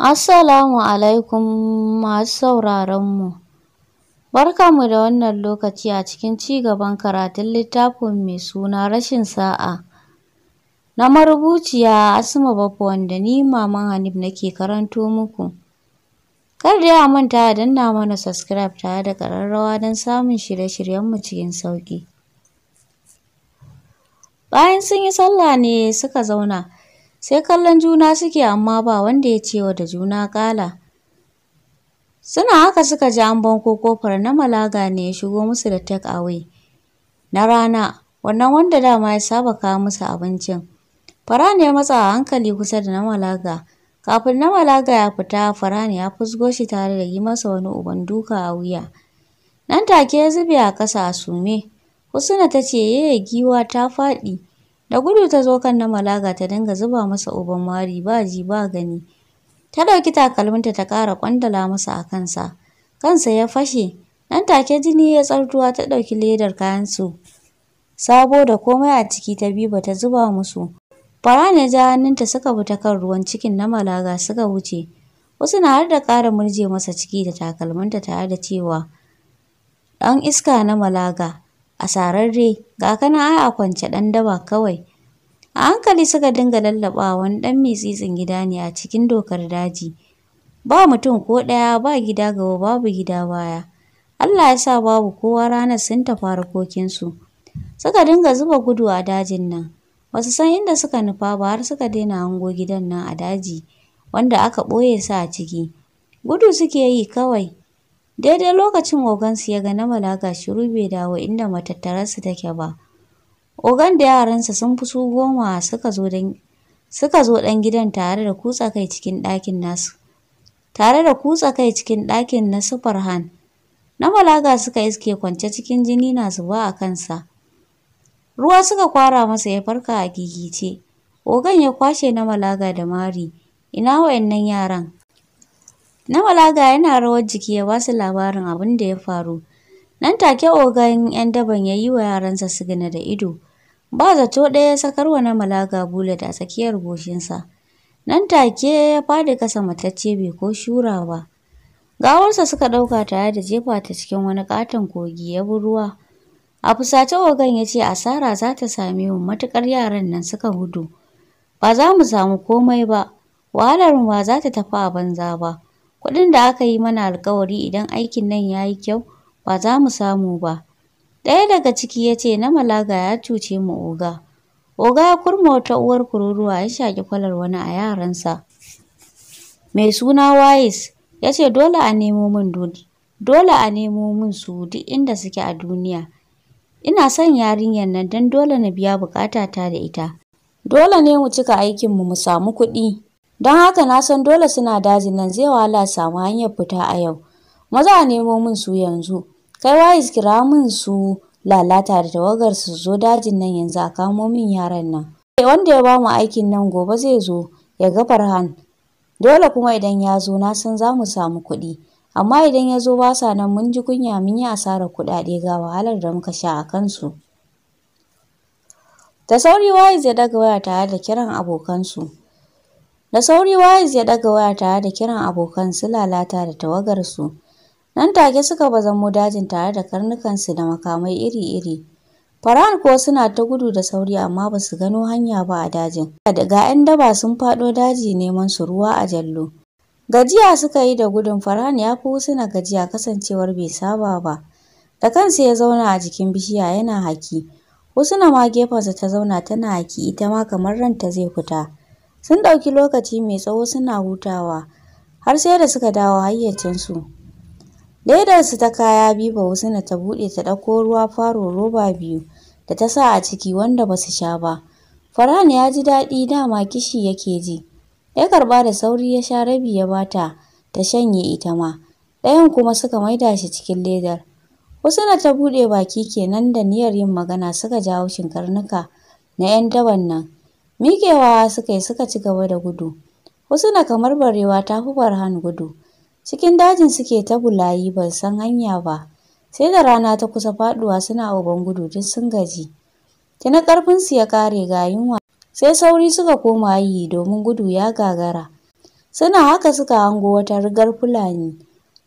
Assalamu alaikum masu mu. Barka mu da wannan lokaci a cikin ci gaban karatun littafin mai suna rashin sa'a. Na marubuciya Asma Bafo wanda ni Maman Hanif nake karanto muku. Kar da ya manta a danna mana subscribe tare da ƙararrawa don samun shirye-shiryenmu cikin sauƙi. Bayan sun yi sallah ne suka zauna. sai kallon juna suke amma ba wanda ya cewa da juna ƙala suna haka suka ji an banko kofar na malaga ne ya shigo musu da take away na rana wannan wanda dama ya saba kawo musu abincin faran ya matsa a hankali kusa da na malaga. Kafin na malaga ya fita, faran ya fusgo shi tare da yi masa wani uban duka a wuya. Nan take ya zube a ƙasa a sume. Husna ta ce, "Yaya giwa ta faɗi." Da gudu ta zo kan na Malaga ta dinga zuba masa uban mari ba ji ba gani. Ta ɗauki takalminta ta ƙara ƙwandala masa a kansa. Kansa ya fashe, nan take jini ya tsartuwa ta ɗauki ledar kayan su Sabo da komai a ciki ta biba bata zuba musu. Fara ne ja hannunta suka bi ta kan ruwan cikin na Malaga suka wuce. Wasu na har da ƙara murje masa ciki da takalminta tare da cewa, ɗan iska na Malaga, a sararre ga kana a kwance ɗan daba kawai a hankali suka dinga lallaɓa wani ɗan mitsitsin gida ne a cikin dokar daji ba mutum ko ɗaya ba gida gaba babu gida baya Allah ya sa babu kowa ranar sun tafi harkokinsu suka dinga zuba gudu a dajin nan wasu san inda suka nufa ba har suka daina hango gidan nan a daji wanda aka ɓoye su a ciki gudu suke yi kawai Daidai lokacin ogansu ya ga na malaga shiru bai dawo inda matattararsu take ba. Ogan da yaransa sun fi su goma suka zo don suka zo ɗan gidan tare da kutsa kai cikin ɗakin nasu. Tare da kutsa kai cikin ɗakin na Farhan. Na malaga suka iske kwance cikin jini na zuba a kansa. Ruwa suka kwara masa ya farka a gigice. Ogan ya kwashe na malaga da mari. Ina wayannan yaran? Na walaga yana rawar jiki ya basu labarin abin da ya faru. Nan take ogan 'yan daban ya yi wa yaransa sigina da ido. Ba zato ɗaya ya sakarwa na malaga bulet a tsakiyar goshinsa. Nan take ya fadi kasa matacce bai ko shura ba. Gawarsa suka ɗauka tare da jefa ta cikin wani ƙaton kogi ya bi ruwa. A fusace ogan ya ce asara za ta same mu matuƙar yaran nan suka gudu. Ba za mu samu komai ba, wahalar ba za ta tafi a banza ba. Kuɗin da aka yi mana alkawari idan aikin nan ya yi kyau ba za mu samu ba. Ɗaya daga ciki ya ce na Malaga ya cuce mu oga. Oga ya kurma wata uwar kururuwa ya shaƙi kwalar wani a yaransa. Mai suna Wayis ya ce dole a nemo min dole a nemo min su duk inda suke a duniya. Ina son yarinyar nan don dole na biya ta da ita. Dole ne mu cika aikinmu mu samu kuɗi. don haka na san dole suna dajin nan zai wahala samu hanyar fita a yau maza a nemo min su yanzu kai wayis kira min su lalata da tawagar su zo dajin nan yanzu a kamo min yaran nan eh, wanda ya bamu aikin nan gobe zai zo ya ga farhan dole kuma idan ya zo na san za mu samu kuɗi amma idan ya zo ba sa nan mun ji kunya mun yi asara kuɗaɗe ga wahalar da muka sha a kansu da sauri wayis ya daga waya tare da kiran abokansu Da sauri Wayes ya ɗaga waya tare da kiran abokan su lalata da tawagarsu. Nan take suka bazan mu dajin tare da karnukansu da makamai iri-iri. Farhan kuwa suna ta gudu da sauri amma ba su gano hanya ba a dajin. Daga 'yan daba sun faɗo daji neman su ruwa a jallo. Gajiya suka yi da gudun Farhan ya fi suna gajiya kasancewar bai saba ba. Da kansa ya zauna a jikin bishiya yana haki. na ma gefensa ta zauna tana haki ita ma kamar ranta zai fita. Sun ɗauki lokaci mai tsawo suna hutawa, har sai da suka dawo hayyacinsu. Ledarsu ta kaya Biba na ta buɗe ta ɗauko ruwa faro roba biyu da ta sa a ciki wanda ba su sha ba. Farhan ya ji daɗi dama kishi yake ji. Ya karɓa da sauri ya sha rabi ya bata ta shanye ita ma. Ɗayan kuma suka maida shi cikin ledar. Wasu na ta buɗe baki kenan da niyyar yin magana suka jawo shinkarnuka na 'yan daban nan. Miƙewa suka yi suka ci gaba da gudu. Wasu na kamar barewa ta fi Farhan gudu. Cikin dajin suke ta bulayi ban san hanya ba. Sai da rana ta kusa faɗuwa suna uban gudu duk sun gaji. karfin su ya kare ga yunwa. Sai sauri suka koma yi domin gudu ya gagara. Suna haka suka hango wata rigar Fulani.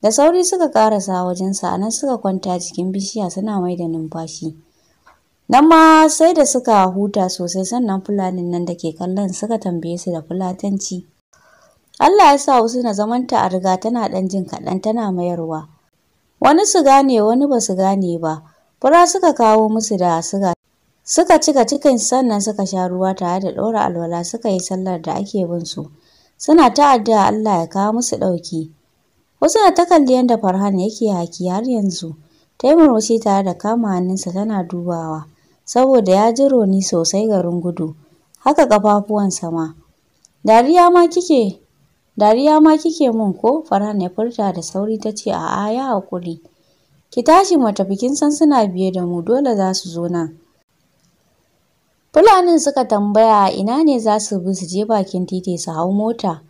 Da sauri suka karasa wajensa a nan suka kwanta jikin bishiya suna mai da numfashi. nan ma sai da suka huta sosai sannan fulanin nan da ke kallon suka tambaye su da fulatanci Allah ya sa wasu na zamanta a riga tana ɗan jin kaɗan tana mayarwa wani su gane wani ba su gane ba fura suka kawo musu da suga suka cika cikin sannan suka sha ruwa tare da ɗora alwala suka yi sallar da ake bin su suna ta'adda Allah ya kawo musu ɗauki wasu na ta kalli yadda Farhan yake haki har yanzu ta yi murmushi tare da kama hannunsa tana dubawa saboda ya ji roni sosai garin gudu haka ƙafafuwansa sama. dariya ma kike dariya ma kike mun ko Farhan ya furta da sauri ta ce a'a ya haƙuri ki tashi mu bikin kin san suna biye da mu dole za su zo nan Fulanin suka tambaya ina ne za su bi su je bakin titi su hau mota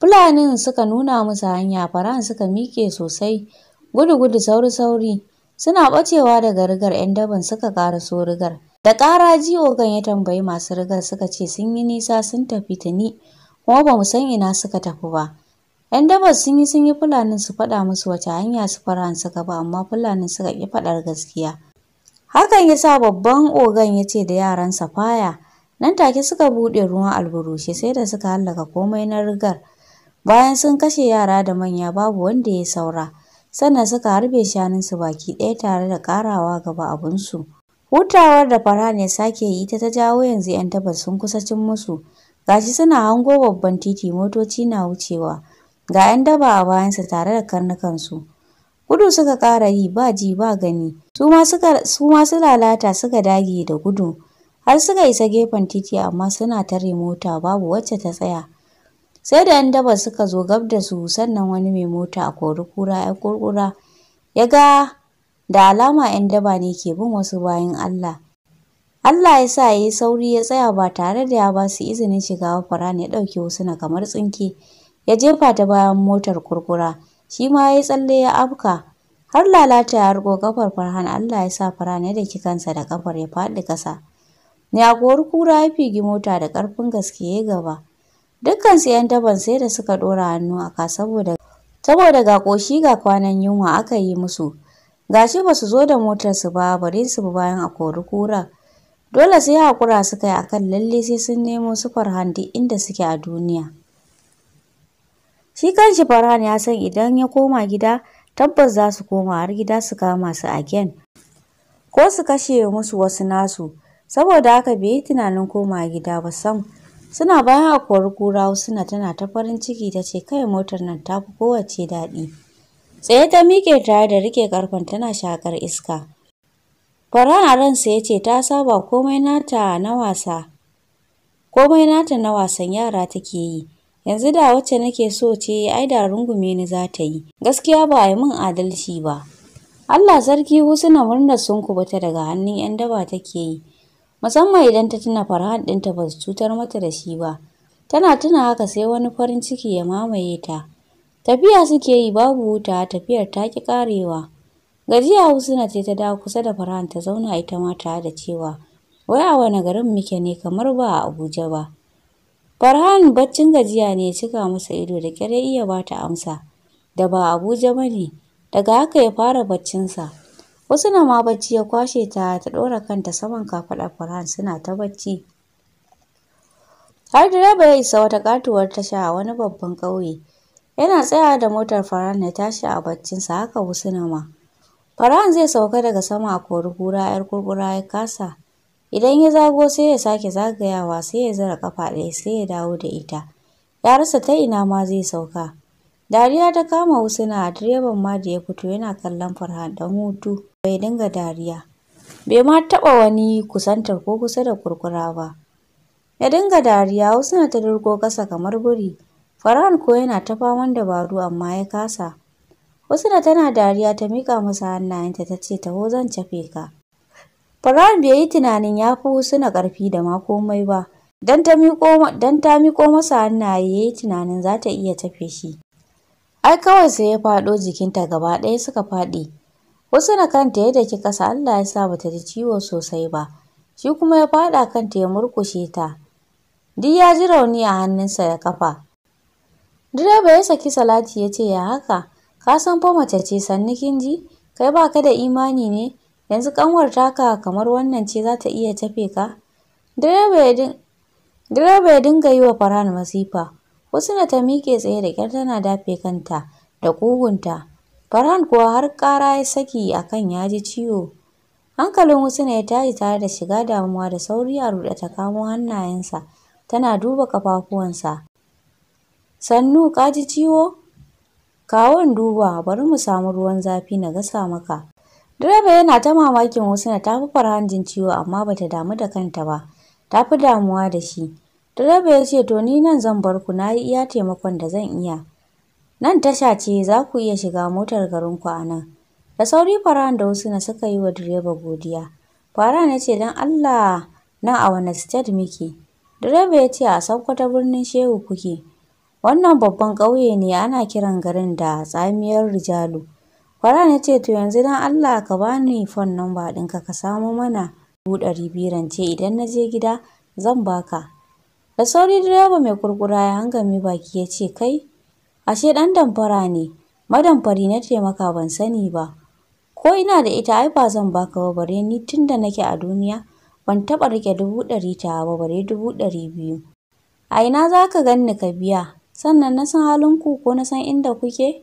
Fulanin suka nuna musu hanya Farhan suka miƙe sosai gudu gudu sauri sauri Suna ɓacewa daga rigar 'yan daban suka so rigar. Da ƙara ji ogan ya tambayi masu rigar suka ce sun yi nisa sun tafi tuni kuma ba mu san ina suka tafi ba. 'Yan dabar sun yi sun yi fulanin su faɗa musu wata hanya su faran suka ba amma fulanin suka ƙi faɗar gaskiya. Hakan ya sa babban ogan ya ce da yaransa faya. Nan take suka buɗe ruwan alburushe sai da suka hallaka komai na rigar. Bayan sun kashe yara da manya babu wanda ya saura. sannan suka harbe shanunsu baki ɗaya tare da ƙarawa gaba abinsu. Hutawar da Farhan ya sake yi ta ta jawo yanzu 'yan tabas sun kusa cin musu. Gashi suna hango babban titi motoci na wucewa. Ga 'yan daba a bayansa tare da karnukansu. Gudu suka ƙara yi ba ji ba gani. Su ma su lalata suka dage da gudu. Har suka isa gefen titi amma suna tare mota babu wacce ta tsaya. sai da yan daba suka zo gab da su sannan wani mai mota a kori kura ya kurkura ya ga da alama yan daba ne ke bin wasu bayan Allah Allah ya sa ya yi sauri ya tsaya ba tare da ya ba su izinin shiga fara ya ɗauke wasu na kamar tsinke ya jefa ta bayan motar kurkura shi ma ya yi tsalle ya afka har lalata ya harko kafar farhan Allah ya sa fara ne da kikansa da kafar ya faɗi ƙasa. kasa. Nagowar kura ya figi mota da ƙarfin gaske ya gaba, dukkansu 'yan daban sai da suka ɗora hannu a ka saboda saboda ga koshi ga kwanan yunwa aka yi musu gashi ba su zo da motar su ba bari su ba bayan a kori kura dole sai hakura suka yi akan lalle sai sun nemo su farhan duk inda suke a duniya shi kanshi farhan ya san idan ya koma gida tabbas za su koma har gida su kama su again ko su kashe musu wasu nasu saboda haka bai yi tunanin koma gida ba sam Suna bayan akuwar kura suna tana ta farin ciki ta ce kai motar nan ta fi kowace daɗi. Tsaye ta miƙe tare da riƙe ƙarfen tana shakar iska. Faran a ransa ya ce ta saba komai nata na nata na wasan yara take yi. Yanzu da wacce nake so ce ai da rungume ni za ta yi. Gaskiya ba a yi min adalci ba. Allah sarki husuna murnar sun kubuta daga hannun 'yan daba take yi. musamman idan ta tuna farhan ɗinta ba su cutar mata da shi ba tana tuna haka sai wani farin ciki ya mamaye ta tafiya suke yi babu wuta tafiyar ta ki karewa gajiya husna ce ta dawo kusa da farhan ta zauna ita ma tare da cewa wai a wani garin muke ne kamar ba a abuja ba farhan baccin gajiya ne ya cika masa ido da kyar iya ba ta amsa da ba abuja ba ne daga haka ya fara baccinsa wasu na ma bacci ya kwashe ta ta ɗora kanta saman kafaɗa Farhan suna ta bacci har direba ya isa wata katuwar tasha a wani babban ƙauye yana tsaya da motar faran ya tashi a baccinsa haka na ma Faran zai sauka daga sama a kori yar kurkura ya kasa idan ya zago sai ya sake zagayawa sai ya zara kafa ɗaya sai ya dawo da ita ya rasa ta ina ma zai sauka Dariya ta kama a direban ma da ya fito yana kallon Farhan dan hutu bai dinga dariya. Bai ma taɓa wani kusantar ko kusa da kurkura ba. Ya dinga dariya Husuna ta durko kasa kamar buri. Farhan ko yana ta faman dabaru amma ya kasa. Husuna tana dariya ta mika masa hannayenta ta ce taho zan cafe ka. Farhan bai yi tunanin ya fi Husna ƙarfi da ma komai ba. Dan ta miko masa hannaye ya yi tunanin za ta iya tafe shi. ai kawai sai ya faɗo jikinta gaba ɗaya suka faɗi wasu na kanta ya daki kasa Allah ya sa bata ji ciwo sosai ba shi kuma ya faɗa kanta ya murkushe ta duk ya ji rauni a hannunsa ya kafa direba ya saki salati ya ce ya haka ka san fa mace ce sannu kin ji kai baka da imani ne yanzu ƙanwar taka kamar wannan ce za ta iya tafe ka direba ya dinga yi wa faran masifa Wasu na ta miƙe tsaye da ƙyar tana dafe kanta da ƙugunta. Farhan kuwa har ƙara ya saki a kan ya ji ciwo. Hankalin wasu ne ya tashi tare da shiga damuwa da sauri a ruɗe ta kamo hannayensa tana duba ƙafafuwansa. Sannu ka ji ciwo? Kawon duba bari mu samu ruwan zafi na gasa maka. Direba yana ta mamakin wasu na tafi Farhan jin ciwo amma bata damu da kanta ba. tafi damuwa da shi. Direba ya ce to ni nan zan bar ku na yi iya taimakon da zan iya. Nan tasha ce za ku iya shiga motar garinku a nan. Da sauri faran da na suka yi wa direba godiya. Faran ya ce don Allah nan a wani state muke. Direba ya ce a ta birnin Shehu kuke. Wannan babban ƙauye ne ana kiran garin da tsamiyar Rijalu. fara ya ce to yanzu don Allah ka bani fon number ɗinka ka samo mana dubu ɗari biyu rance idan na je gida zan baka. Da sauri direba mai kurkura ya hanga mai baki ya ce kai, ashe ɗan damfara ne, madamfari na taimaka ban sani ba. Ko ina da ita ai ba zan baka ba bare ni tun da nake a duniya ban taɓa rike dubu ɗari ta ba bare dubu ɗari biyu. A ina za ka ganni ka biya, sannan na san halin ku ko na san inda kuke?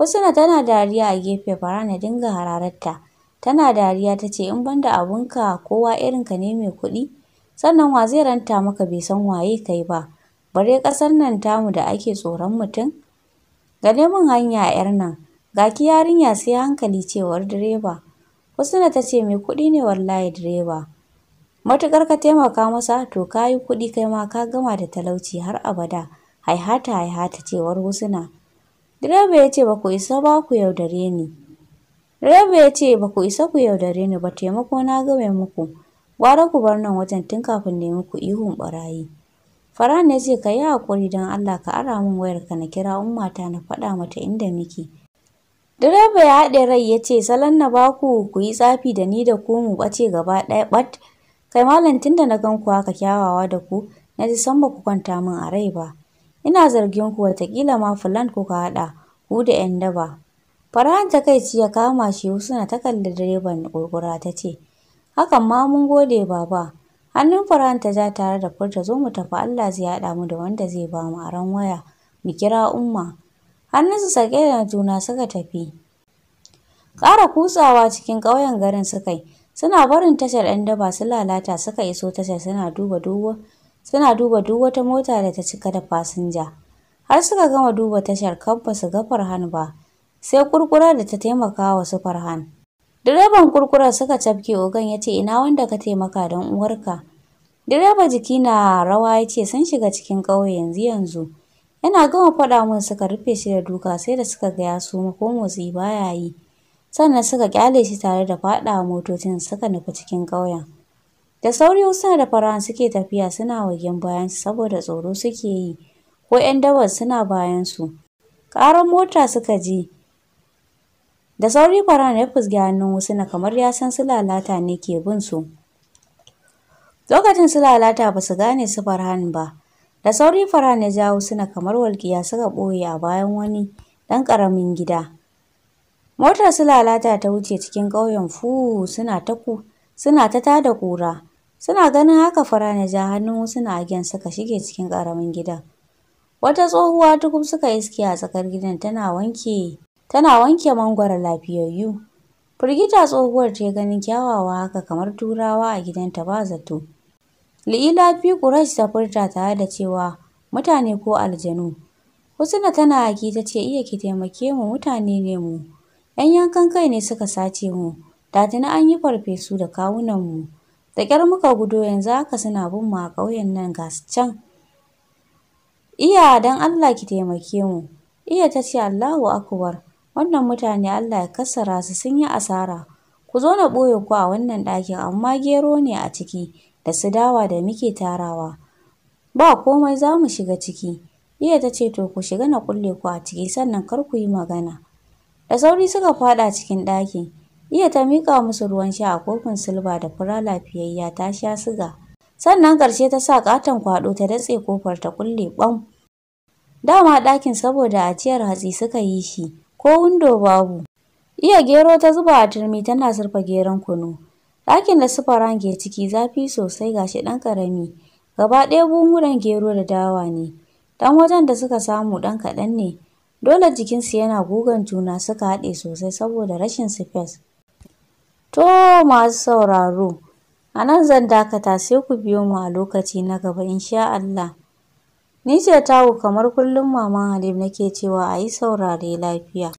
Husna tana dariya a gefe fara na dinga hararta. Tana dariya ta ce in banda abunka kowa irinka ne mai kuɗi. sannan wa zai ranta maka bai san waye kai ba bare ƙasar nan tamu da ake tsoron mutum gane min hanya yar nan ga ki yarinya sai hankali cewar direba husna ta ce mai kuɗi ne wallahi direba matuƙar ka taimaka masa to ka yi kuɗi kai ma ka gama da talauci har abada haihata haihata cewar husna direba ya ce ba ku isa ba ku yaudare ni direba ya ce ba ku isa ku yaudare ni ba taimako na game muku Gwara ku bar nan wajen tun kafin ne muku ihun ɓarayi. Farhan ya ce ka yi haƙuri don Allah ka ara min ka na kira ummata na faɗa mata inda muke. Direba ya haɗe rai ya ce salon na baku ku yi tsafi da ni da ku mu ɓace gaba ɗaya ɓat. Kai malam tun da na gan ku haka kyawawa da ku na ji san ba ku kwanta min a rai ba. Ina zargin ku watakila ma fulan ku ka haɗa ku da ‘yan daba. Farhan ta kai ya kama shi Husna ta kalli direban gurgura ta ce Hakan ma mun gode baba. Hannun Farhan ta ja tare da furta zo mu tafi Allah zai haɗa mu da wanda zai ba mu aron waya mu kira umma. hannun su sake da juna suka tafi. Ƙara kutsawa cikin ƙauyen garin suka yi. Suna barin tashar ɗan daba su lalata suka iso tashar suna duba duk suna duba duk wata mota da ta cika da fasinja. Har suka gama duba tashar kan ba su ga Farhan ba. Sai kurkura da ta taimaka wa su Farhan. Direban kurkura suka cafke ogan ya ce ina wanda ka taimaka don uwarka. Direba jiki na rawa ya ce sun shiga cikin ƙauye yanzu yanzu. Yana gama faɗa mun suka rufe shi da duka sai da suka gaya ya suma ko motsi baya yi. Sannan suka kyale shi tare da faɗa motocin suka nufi cikin ƙauyen. Da sauri Usna da faran suke tafiya suna wagen bayan su saboda tsoro suke yi ko 'yan dabar suna bayan su. Ƙarar mota suka je. Da sauri Faran ya fusgi hannun na, kamar ya san su lalata ne ke bin su. Lokacin su lalata ba su gane su Farhan ba. Da sauri Farhan ya ja na kamar walƙiya suka ɓoye a bayan wani ɗan ƙaramin gida. Motar su lalata ta wuce cikin ƙauyen fu suna ta ku suna ta tada ƙura. Suna ganin haka Farhan ya ja hannun wasu a gyan suka shige cikin ƙaramin gidan. Wata tsohuwa tukum suka iske a tsakar gidan tana wanke tana wanke mangwaro lafiyayyu. Firgita tsohuwar ta ganin kyawawa haka kamar turawa a gidanta ba zato. Li'ila fi Quraysh ta furta tare da cewa mutane ko aljanu. Husna tana haki ta ce iya ki taimake mu mutane ne mu. ‘Yan yankan kai ne suka sace mu, da tuni an yi farfesu da kawunan mu. Da ƙyar muka gudo yanzu haka suna bin mu a ƙauyen nan ga Iya don Allah ki taimake mu. Iya ta ce Allahu akbar. Wannan mutane Allah ya kassara su sun yi asara. Ku zo na ɓoye ku a wannan ɗakin amma gero ne a ciki da su dawa da muke tarawa. Ba komai za mu shiga ciki. Iya ta ce to ku shiga na kulle ku a ciki sannan kar ku yi magana. Da sauri suka faɗa cikin ɗakin. Iya ta miƙa musu ruwan sha a kofin silba da fura lafiyayya ta sha siga. Sannan ƙarshe ta sa ƙaton kwaɗo ta datse kofar ta kulle ɓam. Dama ɗakin saboda ajiyar hatsi suka yi shi. ko windo babu. Iya gero ta zuba a turmi tana surfa geron kunu. Ɗakin da sufaran ke ciki zafi sosai gashi ɗan ƙarami. Gaba ɗaya bungunan gero da dawa ne. Ɗan wajen da suka samu ɗan kaɗan ne. Dole jikinsu yana gugan juna suka haɗe sosai saboda rashin sifes. To masu sauraro, a nan zan dakata sai ku biyo mu a lokaci na gaba insha Allah. Ni ce taku kamar kullum Maman Halim nake cewa a yi saurare lafiya.